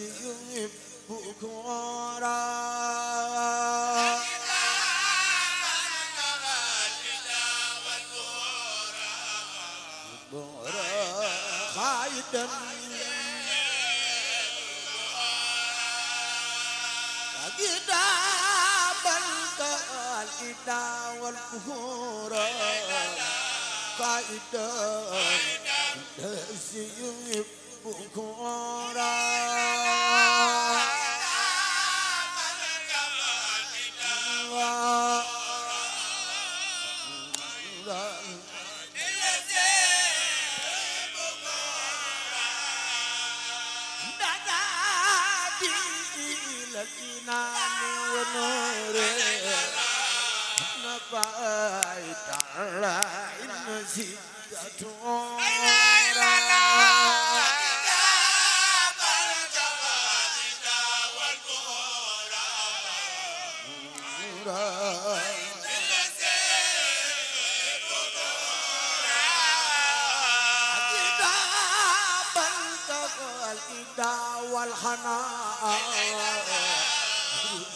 يحبك ورا خايدا كتابا الإداء والكفور قائدا الذي يحبك ورا باي تعالى المسيدة والحنان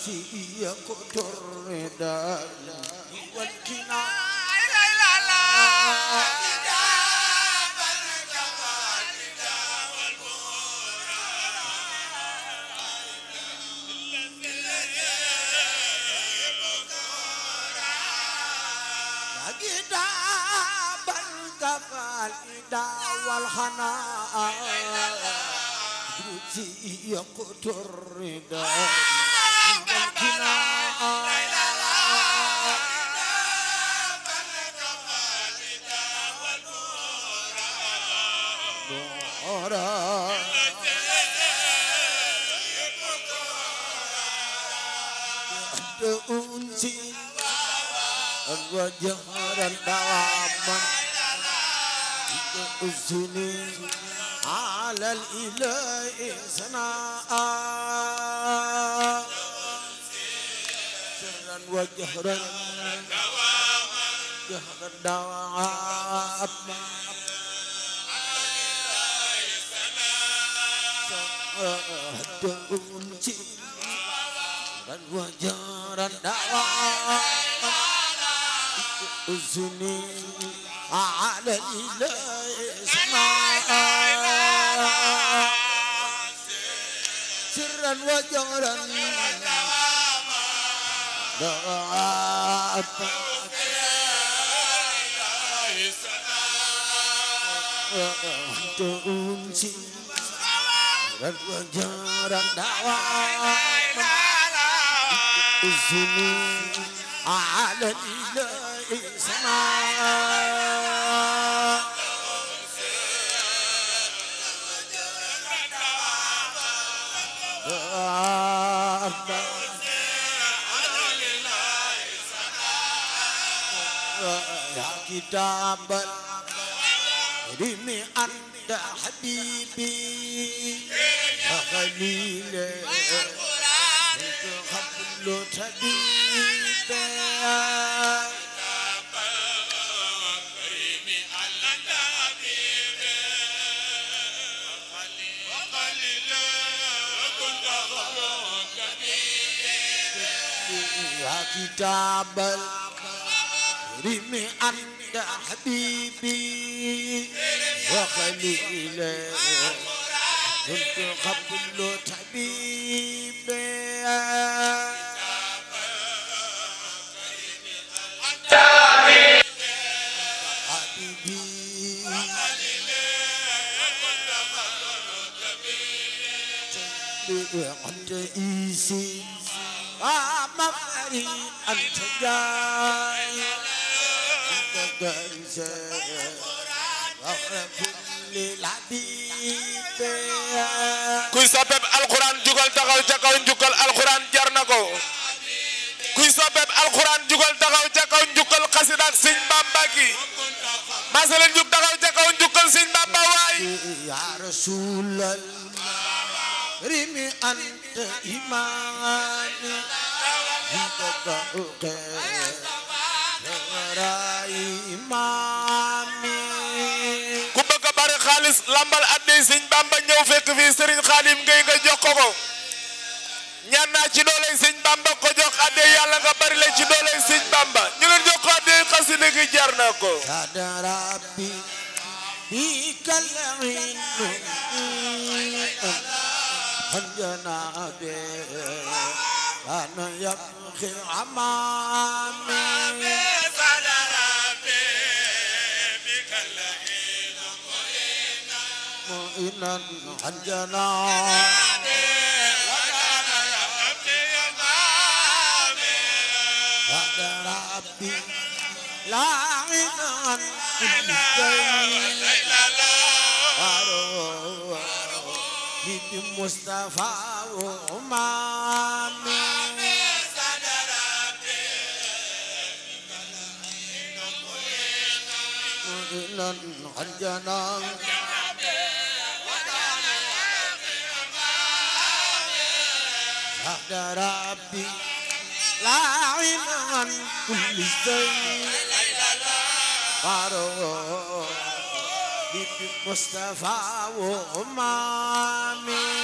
في قدر دلال والحناء جوتي يقتر رداء والكناء نورا أنزل الوجه الدوام أزني على الإله ثناء سرا وجهرا جهرا دعاء سرا وجهرا دعاء أذني على الإله اسمع سرا وجهرا دعاء تنسي سرا وجهرا دعاء أذني على الإله كتابا رمي أنت حبيبي خليل قبل تبيبا الكتاب الكريم أنت حبيبي وخليلي كنت قبل طبيبي عند إيسي آه جاري أنت جاري أنت جاري رب للعبيد كل سبب القرآن جوجل تقول تقول kuy soppeb alxuraan jugal taxaw ca kaw njukkal xasida ak sëñ Bamba gi ca kaw njukkal sëñ ya rasulal rimi anta imaani ku bëgg a bari xaalis lambal addey sëñ Bamba ñëw fekk fii sëriñ Xaadim ngay nga jox ko ko ñaan na ci dooley sëñ Bamba ko jox addey yàlla nga bari la ci dooley sëñ Bamba ñu leen jox ko addey xasida gi ko أنا يبخي عمامي فلا ربي بك اللئيم مؤينا مؤينا عن جنابي وكان يبخي عمامي بعد ربي لا عنا عن بمصطفى وعمامي حملا حجنا بعد ربي لا علم عن كل شيء فاروق بمصطفى وامامي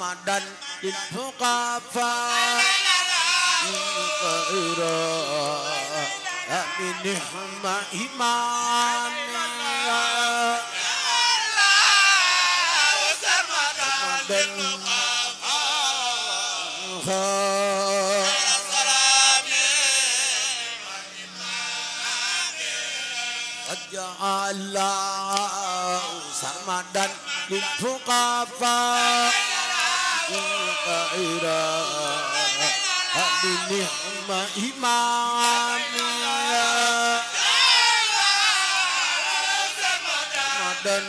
حمدا للمقافى خيرا من نعم إيمانيا حمدا قد جعل الله سمدا للفقفاء بنعم إمامي مدن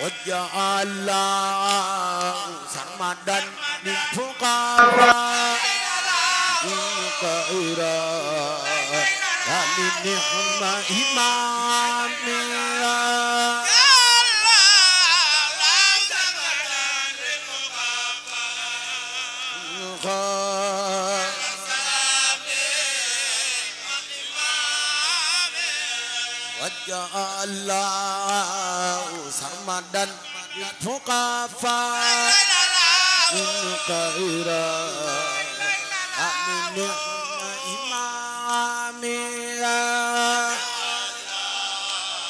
وجعل سرمدا للفقراء غير فبنعم إمامنا وجعل سمدا للفقفاء من خيرا أمن إمام ساميا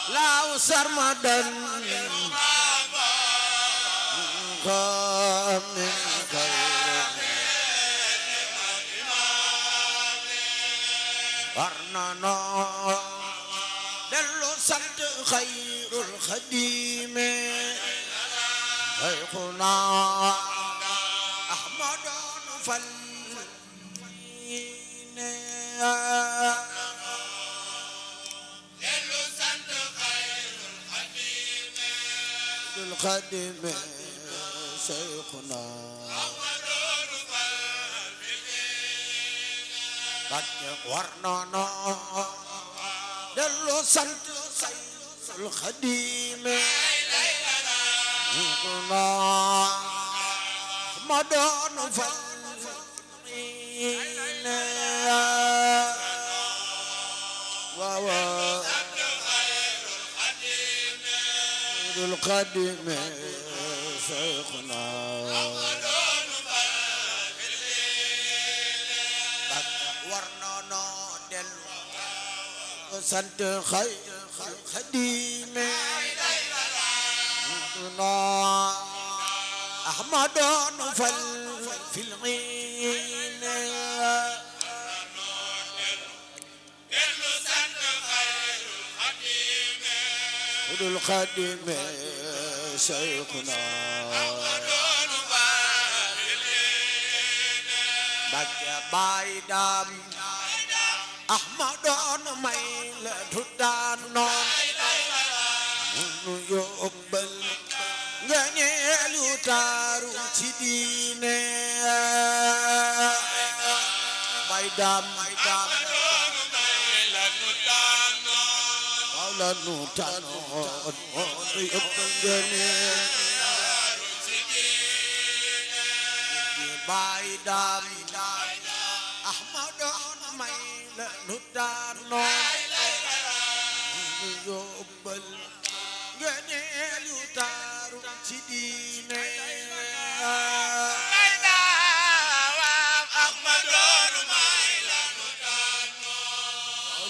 لا سرمدا قام ورننا دلو سنت خير الخديم شيخنا أحمد فل القديم شيخنا ورنانا دلو سنت الخديم شيخنا مدان فل القديم شيخنا sant xay xadime na ahmadon fal fil ayn delu sant xay xadime شيخنا بك بايدام أحمد ميل تدانو يقبل غنيل تارو تدين بايدام بايدام lanu tanoon mooy ëppal ngëneel baay daam ahmadu may lanu tanoon mooy ëppal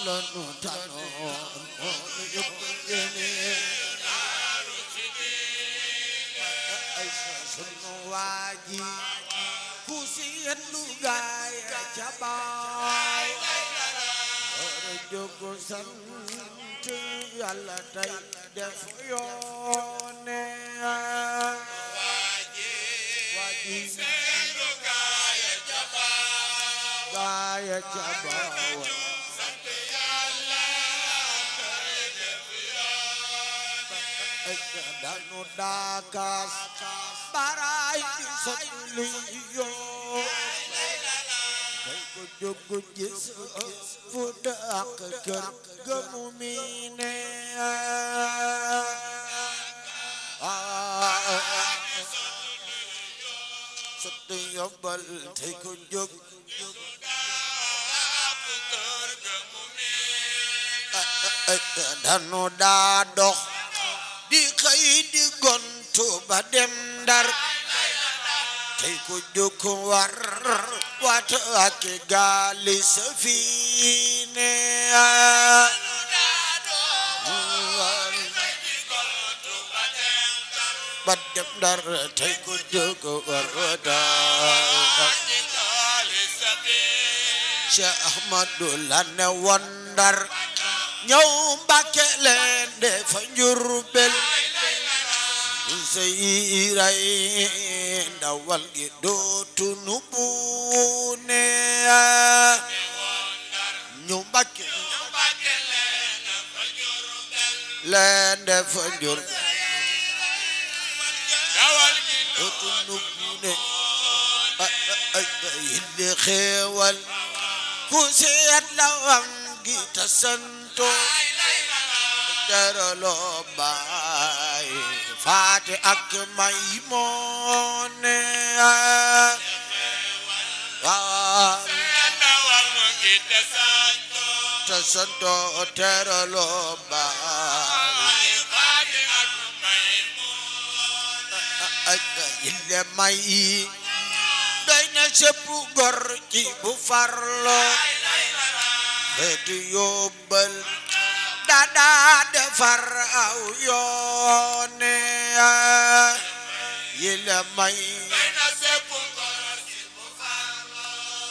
lanu tanu moonu yóbbu yeneen ay sunu waaji ku si yendu gaay a cabaay wara jogo sant yàlla tey def yoone waaji gaay a cabaay nu daakaas baraay di salli yoo kay ko jóg gis fu dàq kër ga mu miine sotti yobbal tey ko jóg danu daa dox xëy di gontu ba dem ndar tey ku jóg war wat ak gaali safiine ba dem ndar tey ne woon ndar ñëw Mbàkke leen def Njurbel seyray ndawal gi dootu nu buune ñu Mbakke leen def njur ndawal gi dootu nu buune yindi xeewal ku seet lawam gi ta santo dara loo baax faate ak Maymuna te santo teralo baay faate ak Maymuna may doy na sëpp góor ci bu farlo xeeti yóbbal far aw yoone yi la may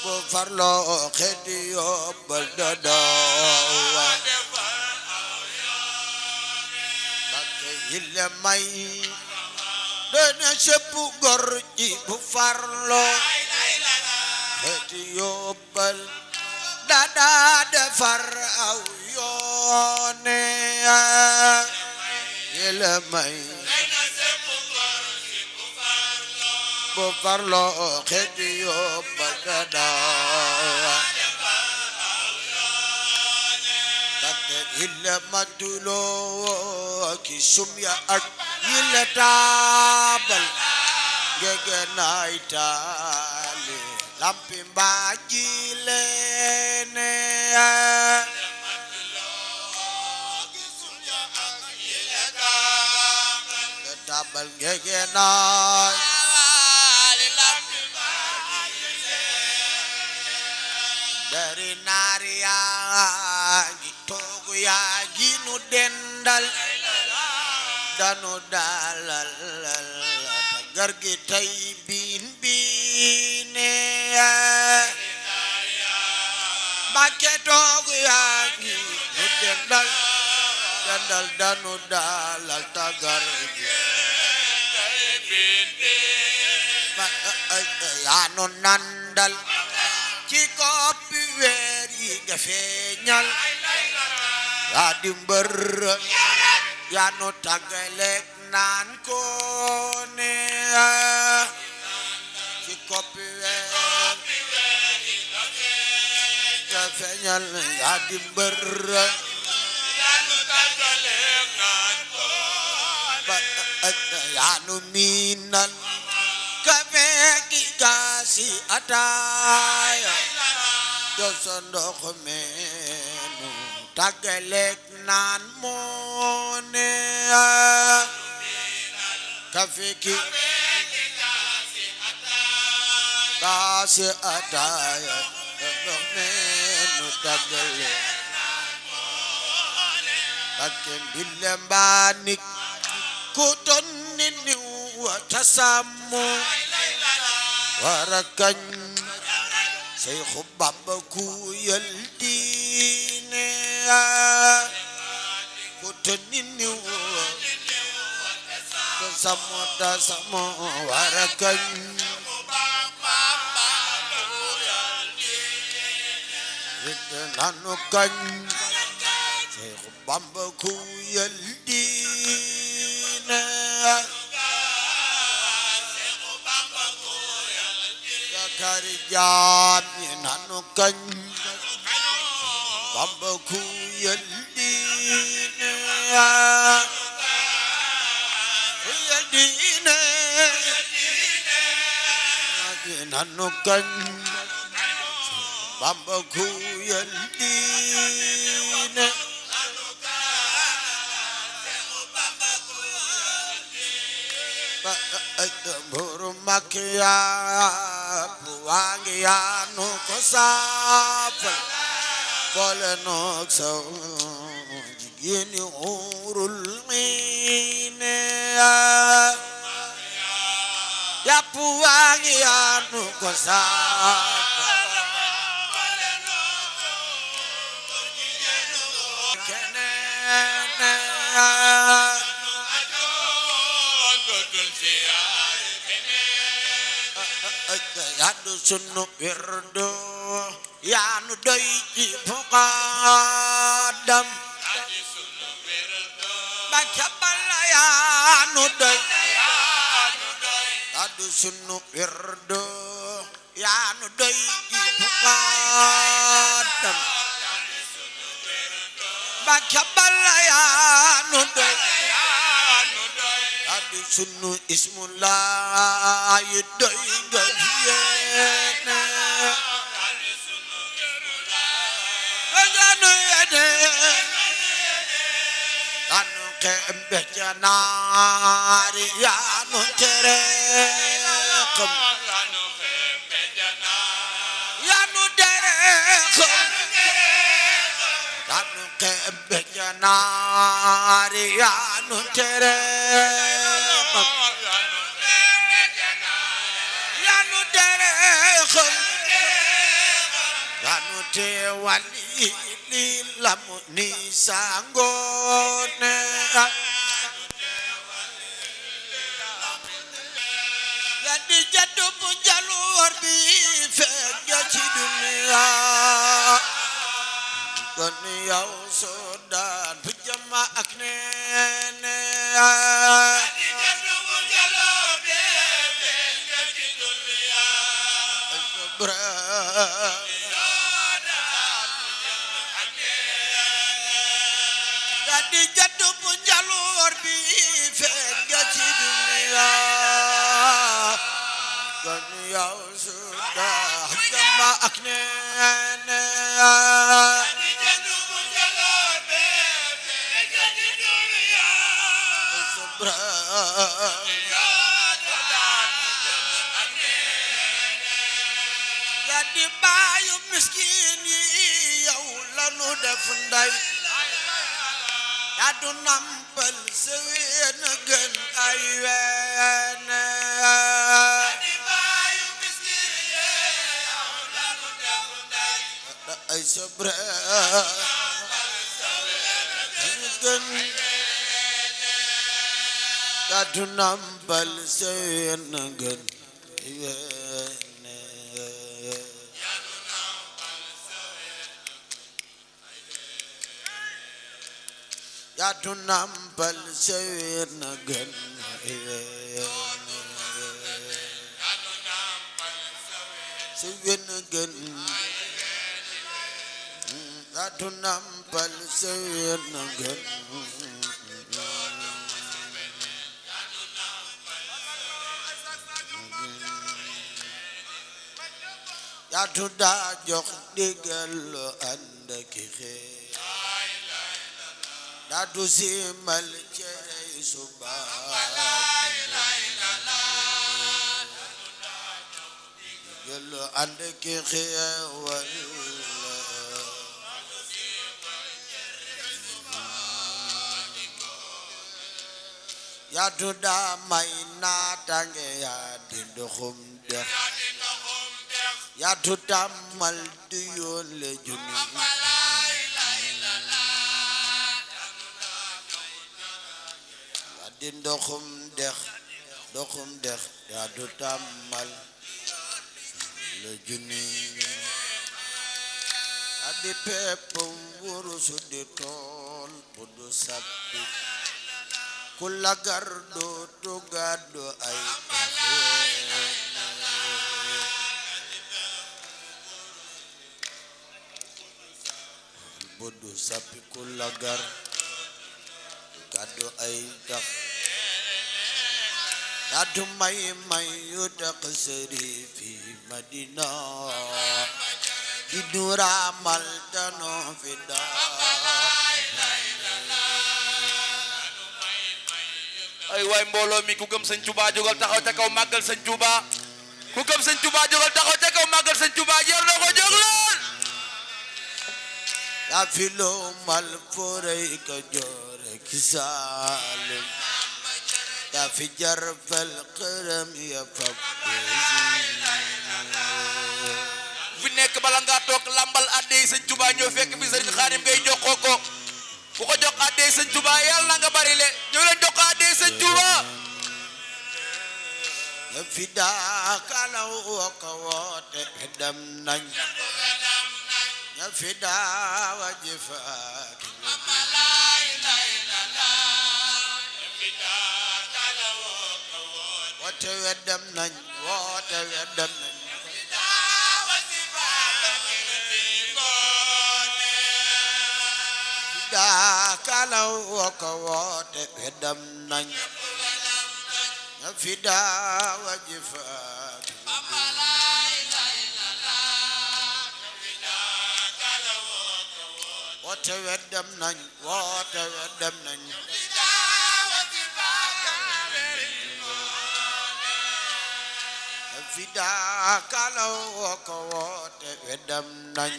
bu farloo xeddi yóbbal dodoowa bakke yi la may dana sépp gor ji bu farloo xeddi yóbbal dadaa defar aw farlo xeti yo bagada dakte illa matulo ki sumya ak illa tabal gege naitale lampi mbajilene lambal ngegenaay dari naari yaa ngi toog yaa ngi nu dendal danu dalal tagar gi tay biin biine Mbakke toog yaa ngi nu dendal danu dalal tagar gi yaanu nandal ci koppi weer yi nga feeñal yaa di mbër yaanu tàggaleeg naan ko ne ci koppi weer nga feeñal yaa di mbër yaanu miinal si ataaya jël sa ndox meenu tàggaleeg naan moo ne kafe ki kaasi ataaya jël ndox meenu tàggaleeg bakke mbille mbaa ni ku ton ni niw wa tasammu wara kañ Seexu Bamba ku yal diine ku te nini wo te samo da samo wara kañ te nanu kañ Seexu Bamba ku yal diine kër jaam ñi nanu kañ Bamba ku yel diine ku yel diine ñi nanu kañ Bamba ku yel diine ba buru makkiya waa ngi yaanu ko saafal boole noog sa jigéen yi uurul miine yàpp waa ngi yaanu ko saafal boole noog sa jigéen yi uurul miine yaa du sunu wirdu yaa nu doy ci fuqaadam ba caballa yaa nu doy yaa du sunu wirdu yaa nu doy ci fuqaadam ba caballa yaa nu doy yaa du sunu ismu laa yi doy tere teewal yi li lam ni sangoone ya di jaddu bu jaloor bi fekk ya ci dunya kon yow soo daan bu jama ak neene ya tëddub njaluur bi fekk nga ci dunya kon yow suda jama ak neene di baayu miskin yi yow la nu def ndey yaa du nampal sa ween gën ay ween ay sobre gën yaa du nampal sa ween gën ay ween yaatu nampal sewir na gën sewir na gën yaatu nampal sewir na gën yaatu daa jox digal ànd ki xee daadu simal cerey suba jël ànd ki xéewal yaatu daa may naatange yaa di ndoxum dex yaatu tàmmal di le junni di ndoxum dex ndoxum dex la junni a di peppum wurusu di tool bu du sappi ku lagar do tu gaddo ay bu yaa du may may yu dëkk fi Madina di duraamal danoo fi ay waay mbooloo mi ku gëm sëñ Tuubaa jógal taxaw ca kaw màggal sëñ Tuubaa ku gëm sëñ Tuubaa jógal taxaw ca kaw màggal sëñ Tuubaa jar na ko jóg lool yaa fi loo mal fo في جرف القلم يا fi nekk bala ngaa toog lambal addey sëñ Tuba ñëw fekk fi sëriñ Xaadim ngay jox ko ko bu ko jox addey sëñ Tuba yàlla na nga bari le ñëw leen jox ko addey sëñ fi daaka law wa ko woote dem nañ ña fi daawa jëfaat woote weddam nañ woote weddam nañ daa kalaw woko woote weddam nañ na fi daa wajifaat woote weddam nañ woote weddam nañ fidaa kalaw ko woote weddam nañ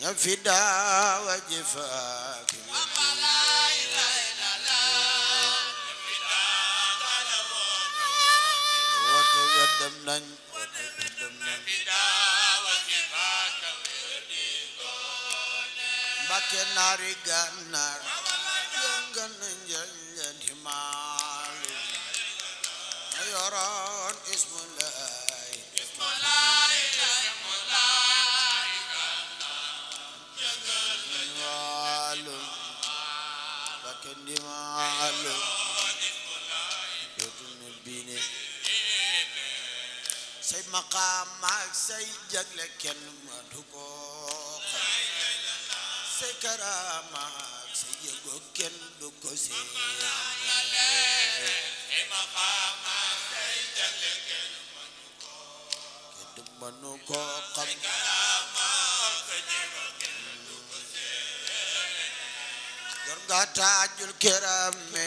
ña fidaa wajifaa woote weddam nañ Mbakke maqaam maag say jagle kenn ma du ko say karaama ak say yëgo kenn du ko seen kenn mënu ko xam yor nga taajul keraame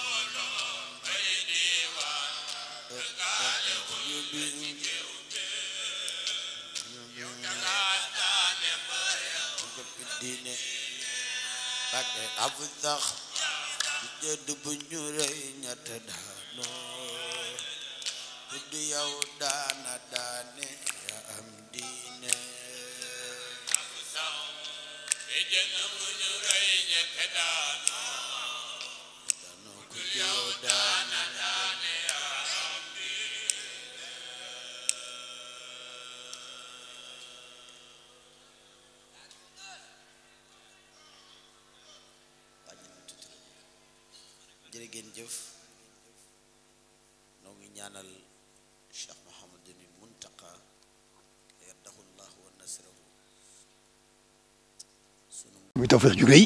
diine bate ab sax di jëdd ju ñu yaw daana daane ya am diine ab sax ñu rëy ñett daanoo muy Tawfekh ju rëy